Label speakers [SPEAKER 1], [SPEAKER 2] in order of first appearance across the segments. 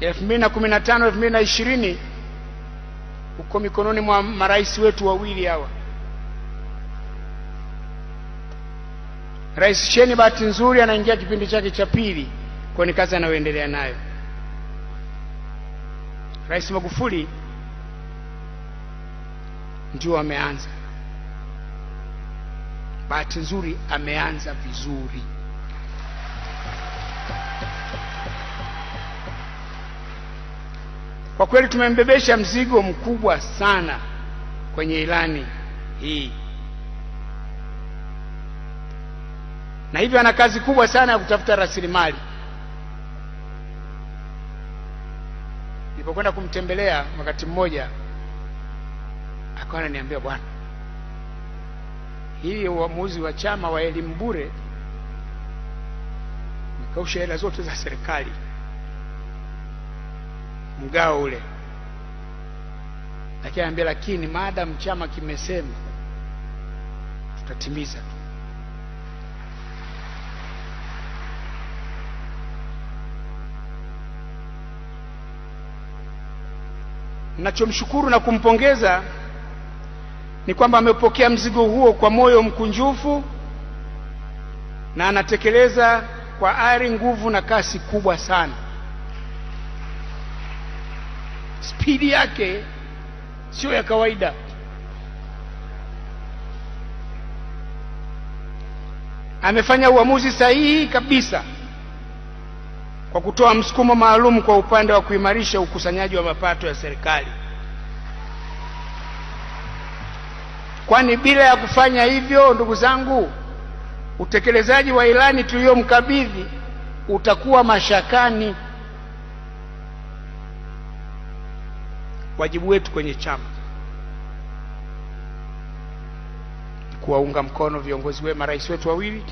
[SPEAKER 1] 2015 2020 uko mikononi mwa marais wetu wawili hawa. Rais Sheni bahati nzuri anaingia kipindi chake cha pili, kwa ni kazi anayoendelea nayo. Rais Magufuli ndio ameanza, bahati nzuri ameanza vizuri. Kwa kweli tumembebesha mzigo mkubwa sana kwenye ilani hii, na hivyo ana kazi kubwa sana ya kutafuta rasilimali. Nilipokwenda kumtembelea wakati mmoja, akawa ananiambia bwana, hii uamuzi wa chama wa elimu bure umekausha hela zote za serikali mgao ule, lakini anambia, lakini madam chama kimesema, tutatimiza tu. Nachomshukuru na kumpongeza ni kwamba amepokea mzigo huo kwa moyo mkunjufu na anatekeleza kwa ari, nguvu na kasi kubwa sana. spidi yake sio ya kawaida. Amefanya uamuzi sahihi kabisa kwa kutoa msukumo maalum kwa upande wa kuimarisha ukusanyaji wa mapato ya serikali, kwani bila ya kufanya hivyo, ndugu zangu, utekelezaji wa ilani tuliyomkabidhi utakuwa mashakani. wajibu wetu kwenye chama kuwaunga mkono viongozi wema, rais wetu wawili,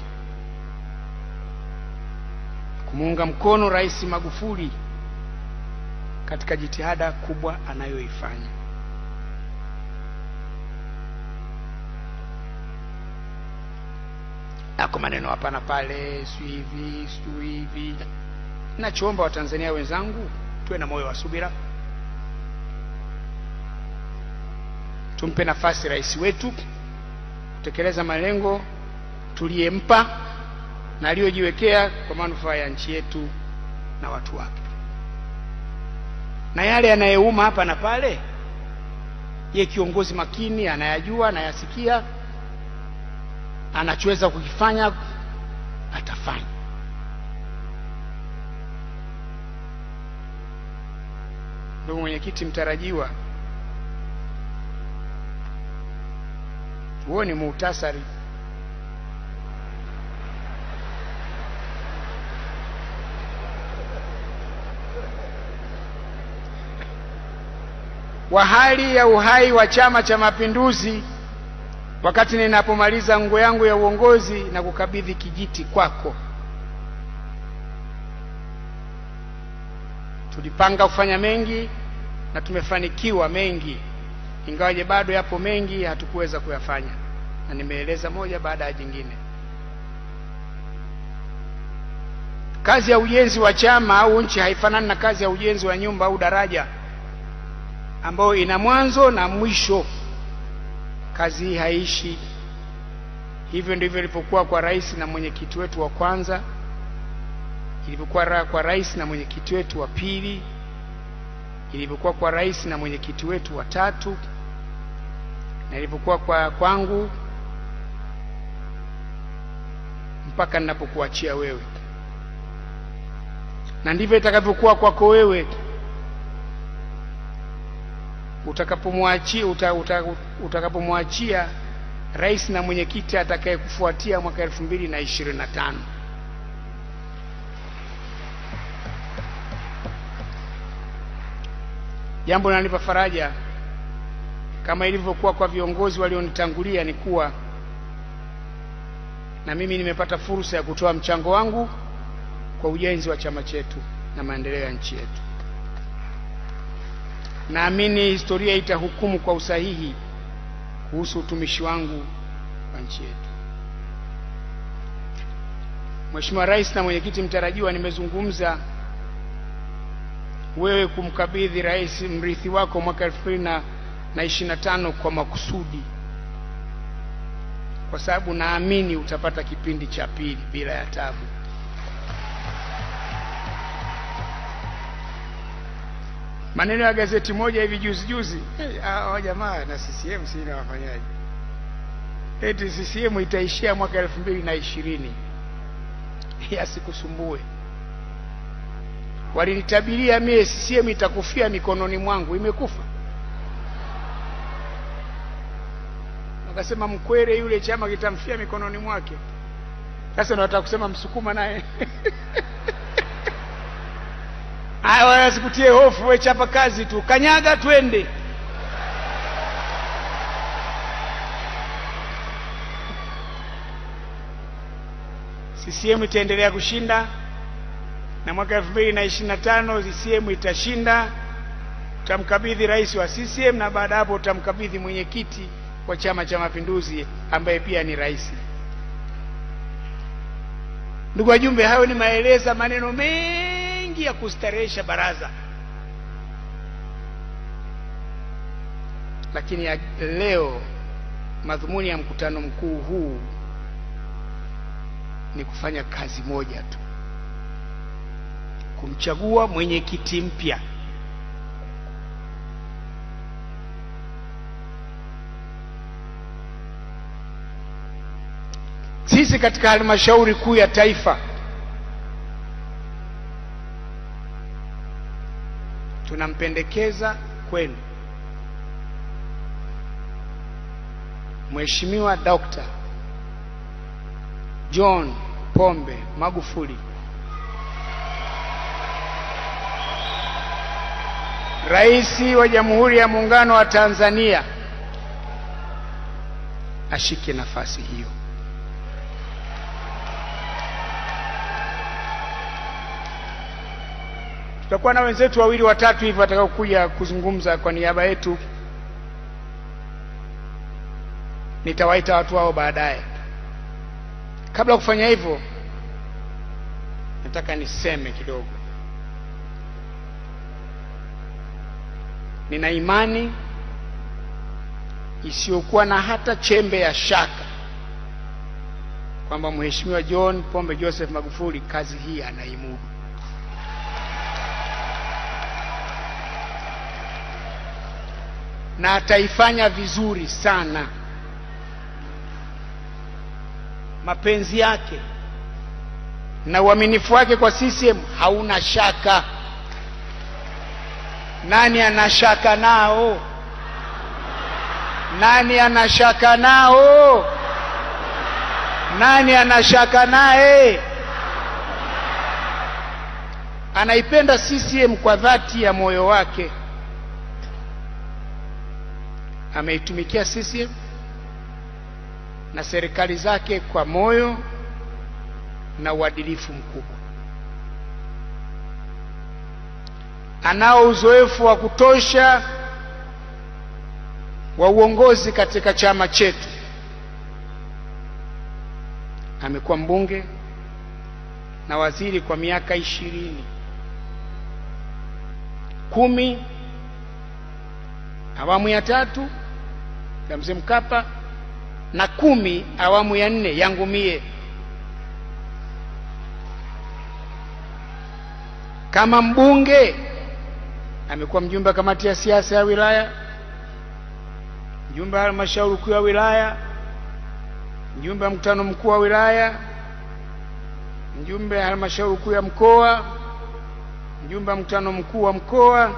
[SPEAKER 1] kumuunga mkono Rais Magufuli katika jitihada kubwa anayoifanya. Yako maneno hapa na pale, si hivi si hivi. Nachoomba Watanzania wenzangu, tuwe na moyo wa subira. Tumpe nafasi rais wetu kutekeleza malengo tuliyempa na aliyojiwekea kwa manufaa ya nchi yetu na watu wake, na yale yanayeuma hapa na pale, ye kiongozi makini anayajua, anayasikia, anachoweza kukifanya atafanya. Ndugu mwenyekiti mtarajiwa huo ni muhtasari wa hali ya uhai wa Chama cha Mapinduzi wakati ninapomaliza nguo yangu ya uongozi na kukabidhi kijiti kwako. Tulipanga kufanya mengi na tumefanikiwa mengi ingawaje bado yapo mengi hatukuweza kuyafanya na nimeeleza moja baada ya jingine. Kazi ya ujenzi wa chama au nchi haifanani na kazi ya ujenzi wa nyumba au daraja ambayo ina mwanzo na mwisho. Kazi hii haishi. Hivyo ndivyo ilivyokuwa kwa rais na mwenyekiti wetu wa kwanza, ilivyokuwa kwa rais na mwenyekiti wetu wa pili ilivyokuwa kwa rais na mwenyekiti wetu watatu na ilivyokuwa kwa kwangu mpaka ninapokuachia wewe, na ndivyo itakavyokuwa kwako wewe utakapomwachia uta, uta, utakapomwachia rais na mwenyekiti atakayekufuatia mwaka elfu mbili na ishirini na tano. Jambo linalonipa faraja kama ilivyokuwa kwa viongozi walionitangulia ni kuwa na mimi nimepata fursa ya kutoa mchango wangu kwa ujenzi wa chama chetu na maendeleo ya nchi yetu. Naamini historia itahukumu kwa usahihi kuhusu utumishi wangu wa nchi yetu. Mheshimiwa Rais na mwenyekiti mtarajiwa, nimezungumza wewe kumkabidhi rais mrithi wako mwaka elfu mbili na ishirini na tano kwa makusudi, kwa sababu naamini utapata kipindi cha pili bila ya tabu. Maneno ya gazeti moja hivi juzi juzi,
[SPEAKER 2] eh, hawa hey, jamaa na CCM si na wafanyaji,
[SPEAKER 1] eti CCM itaishia mwaka elfu mbili na ishirini. Yasikusumbue walinitabiria mie CCM itakufia mikononi mwangu, imekufa. Wakasema Mkwere yule chama kitamfia mikononi mwake. Sasa nawata nataka kusema Msukuma naye aya wala sikutie hofu, we chapa kazi tu, kanyaga twende. CCM itaendelea kushinda na mwaka 2025 na CCM itashinda, tutamkabidhi rais wa CCM na baada hapo tutamkabidhi mwenyekiti wa Chama cha Mapinduzi ambaye pia ni rais. Ndugu wajumbe, hayo ni maeleza maneno mengi ya kustarehesha baraza, lakini ya leo madhumuni ya mkutano mkuu huu ni kufanya kazi moja tu kumchagua mwenyekiti mpya. Sisi katika halmashauri kuu ya taifa tunampendekeza kwenu Mheshimiwa Dr. John Pombe Magufuli Rais wa Jamhuri ya Muungano wa Tanzania ashike nafasi hiyo. Tutakuwa na wenzetu wawili watatu hivi watakaokuja kuzungumza kwa niaba yetu. Nitawaita watu wao baadaye. Kabla ya kufanya hivyo, nataka niseme kidogo. nina imani isiyokuwa na hata chembe ya shaka kwamba Mheshimiwa John Pombe Joseph Magufuli kazi hii anaimudu. Na ataifanya vizuri sana. Mapenzi yake na uaminifu wake kwa CCM hauna shaka. Nani anashaka nao? Nani anashaka nao? Nani anashaka naye? Anaipenda CCM kwa dhati ya moyo wake, ameitumikia CCM na serikali zake kwa moyo na uadilifu mkubwa. anao uzoefu wa kutosha wa uongozi katika chama chetu. Amekuwa mbunge na waziri kwa miaka ishirini kumi awamu ya tatu ya mzee Mkapa na kumi awamu ya nne yangu mie. Kama mbunge amekuwa mjumbe wa kamati ya siasa ya wilaya, mjumbe wa halmashauri kuu ya wilaya, mjumbe wa mkutano mkuu wa wilaya, mjumbe wa halmashauri kuu ya mkoa, mjumbe wa mkutano mkuu wa mkoa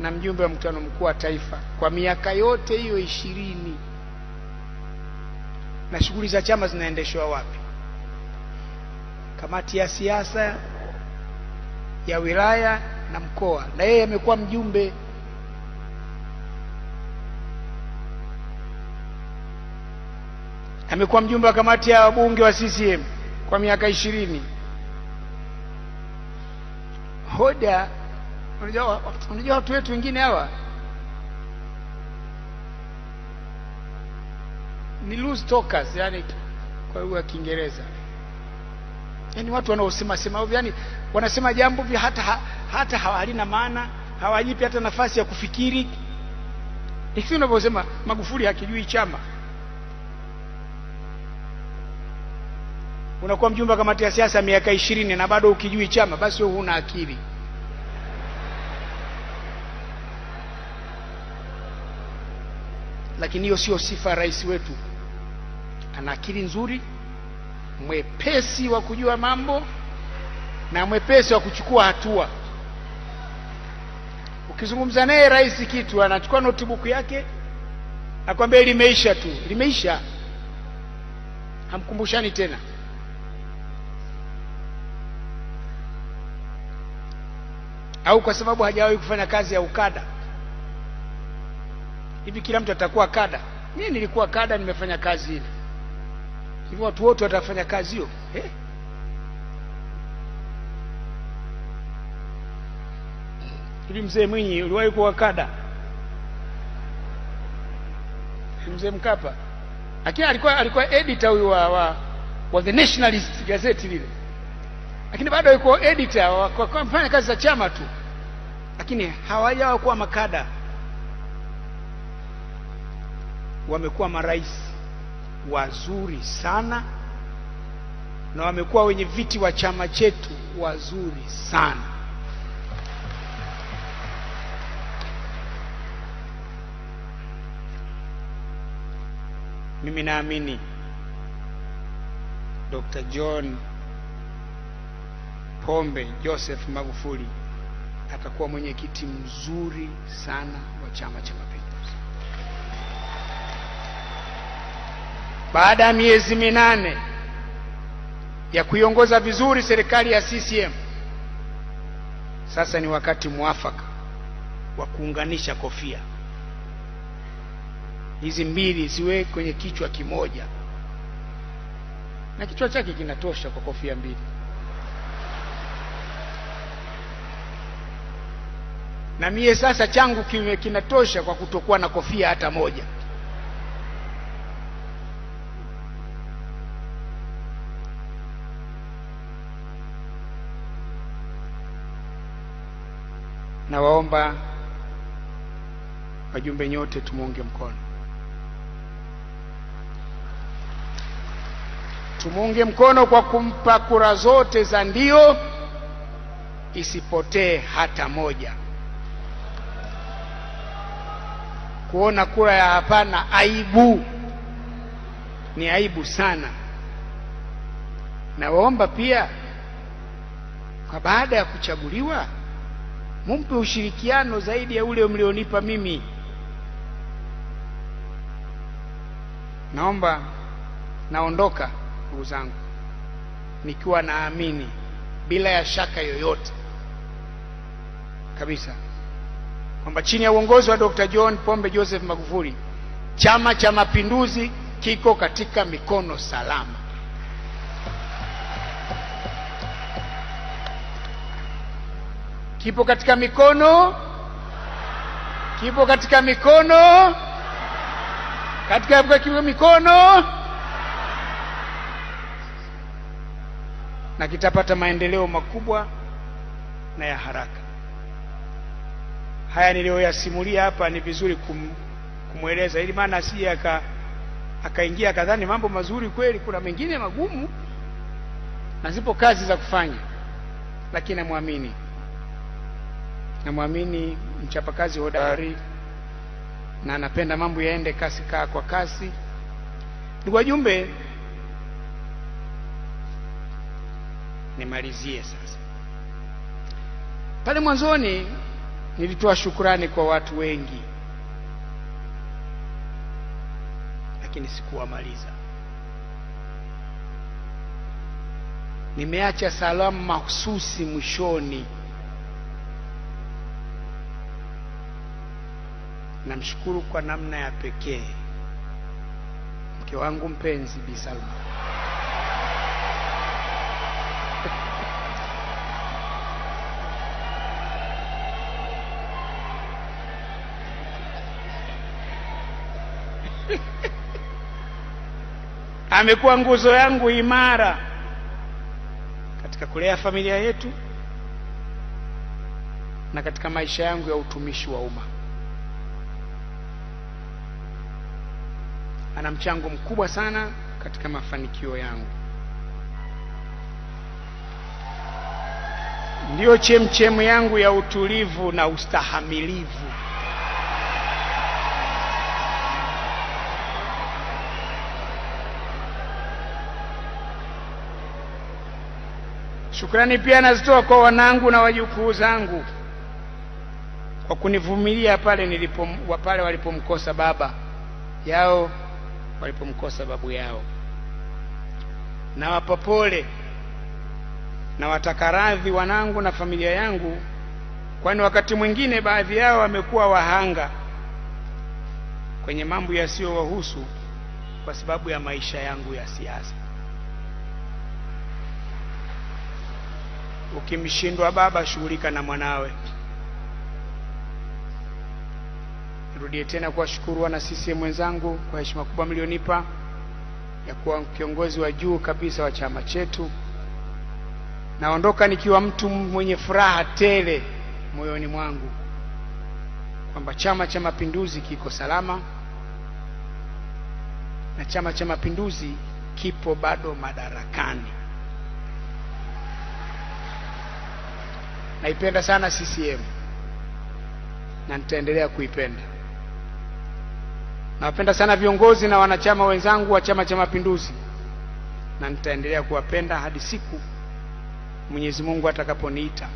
[SPEAKER 1] na mjumbe wa mkutano mkuu wa taifa kwa miaka yote hiyo ishirini. Na shughuli za chama zinaendeshwa wapi? Kamati ya siasa ya wilaya na mkoa, na yeye amekuwa mjumbe. Amekuwa mjumbe wa kamati ya wabunge wa CCM kwa miaka ishirini. Hoda, unajua watu wetu wengine hawa ni loose talkers, yani kwa lugha ya Kiingereza, yani watu wanaosema sema, yani wanasema jambo vya hata ha hata hawalina maana, hawajipi hata nafasi ya kufikiri. Hivi unavyosema Magufuli hakijui chama, unakuwa mjumbe wa kamati ya siasa miaka ishirini na bado ukijui chama, basi wewe huna akili. Lakini hiyo sio sifa ya rais wetu. Ana akili nzuri, mwepesi wa kujua mambo na mwepesi wa kuchukua hatua. Ukizungumza naye rais kitu, anachukua notebook yake akwambia limeisha tu, limeisha, hamkumbushani tena. Au kwa sababu hajawahi kufanya kazi ya ukada, hivi kila mtu atakuwa kada? Mimi nilikuwa kada, nimefanya kazi ile. Hivi watu wote watafanya kazi hiyo eh? Sijui mzee Mwinyi uliwahi kuwa kada, mzee Mkapa lakini alikuwa alikuwa editor huyu wa, wa, wa the Nationalist gazeti lile, lakini bado alikuwa editor wa mfanya kazi za chama tu, lakini hawajawa kuwa makada, wamekuwa marais wazuri sana na wamekuwa wenye viti wa chama chetu wazuri sana. Mimi naamini Dr. John Pombe Joseph Magufuli atakuwa mwenyekiti mzuri sana wa Chama cha Mapinduzi. Baada ya miezi minane ya kuiongoza vizuri serikali ya CCM, sasa ni wakati mwafaka wa kuunganisha kofia hizi mbili ziwe kwenye kichwa kimoja, na kichwa chake kinatosha kwa kofia mbili. Na mie sasa changu kiwe kinatosha kwa kutokuwa na kofia hata moja. Nawaomba wajumbe nyote tumuunge mkono. Tumuunge mkono kwa kumpa kura zote za ndio, isipotee hata moja. Kuona kura ya hapana aibu, ni aibu sana. Nawaomba pia kwa baada ya kuchaguliwa mumpe ushirikiano zaidi ya ule mlionipa mimi. Naomba naondoka ndugu zangu, nikiwa naamini bila ya shaka yoyote kabisa kwamba chini ya uongozi wa Dr. John Pombe Joseph Magufuli, Chama cha Mapinduzi kiko katika mikono salama. Kipo katika mikono, kipo katika mikono, katika mikono na kitapata maendeleo makubwa na ya haraka. Haya niliyoyasimulia hapa ni vizuri kum, kumweleza ili maana asije aka akaingia akadhani mambo mazuri kweli, kuna mengine magumu na zipo kazi za kufanya, lakini namwamini namwamini mchapakazi hodari na anapenda mambo yaende kasi kaa kwa kasi. Ndugu wajumbe nimalizie sasa. Pale mwanzoni nilitoa shukurani kwa watu wengi, lakini sikuwamaliza. Nimeacha salamu mahususi mwishoni. Namshukuru kwa namna ya pekee mke wangu mpenzi Bi Salma. amekuwa nguzo yangu imara katika kulea familia yetu na katika maisha yangu ya utumishi wa umma. Ana mchango mkubwa sana katika mafanikio yangu. Ndiyo chemchemu yangu ya utulivu na ustahamilivu. Shukrani pia nazitoa kwa wanangu na wajukuu zangu kwa kunivumilia pale nilipo pale walipomkosa baba yao walipomkosa babu yao. Nawapa pole na wataka radhi wanangu na familia yangu, kwani wakati mwingine baadhi yao wamekuwa wahanga kwenye mambo yasiyowahusu kwa sababu ya maisha yangu ya siasa. ukimshindwa baba shughulika na mwanawe nirudie tena kuwashukuru wana CCM wenzangu kwa heshima kubwa mlionipa ya kuwa kiongozi wa juu kabisa wa chama chetu naondoka nikiwa mtu mwenye furaha tele moyoni mwangu kwamba chama cha mapinduzi kiko salama na chama cha mapinduzi kipo bado madarakani naipenda sana CCM na nitaendelea kuipenda. Nawapenda sana viongozi na wanachama wenzangu wa Chama cha Mapinduzi na nitaendelea kuwapenda hadi siku Mwenyezi Mungu atakaponiita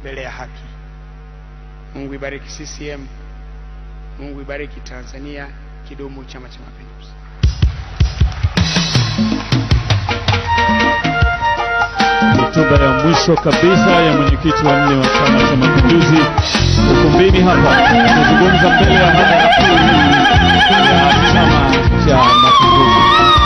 [SPEAKER 1] mbele ya haki. Mungu ibariki CCM, Mungu ibariki Tanzania. Kidumu Chama cha Mapinduzi! hotuba ya mwisho kabisa ya mwenyekiti wa nne wa Chama cha Mapinduzi ukumbini hapa. Amezungumza mbele ya hadhara kuu ya Chama cha Mapinduzi.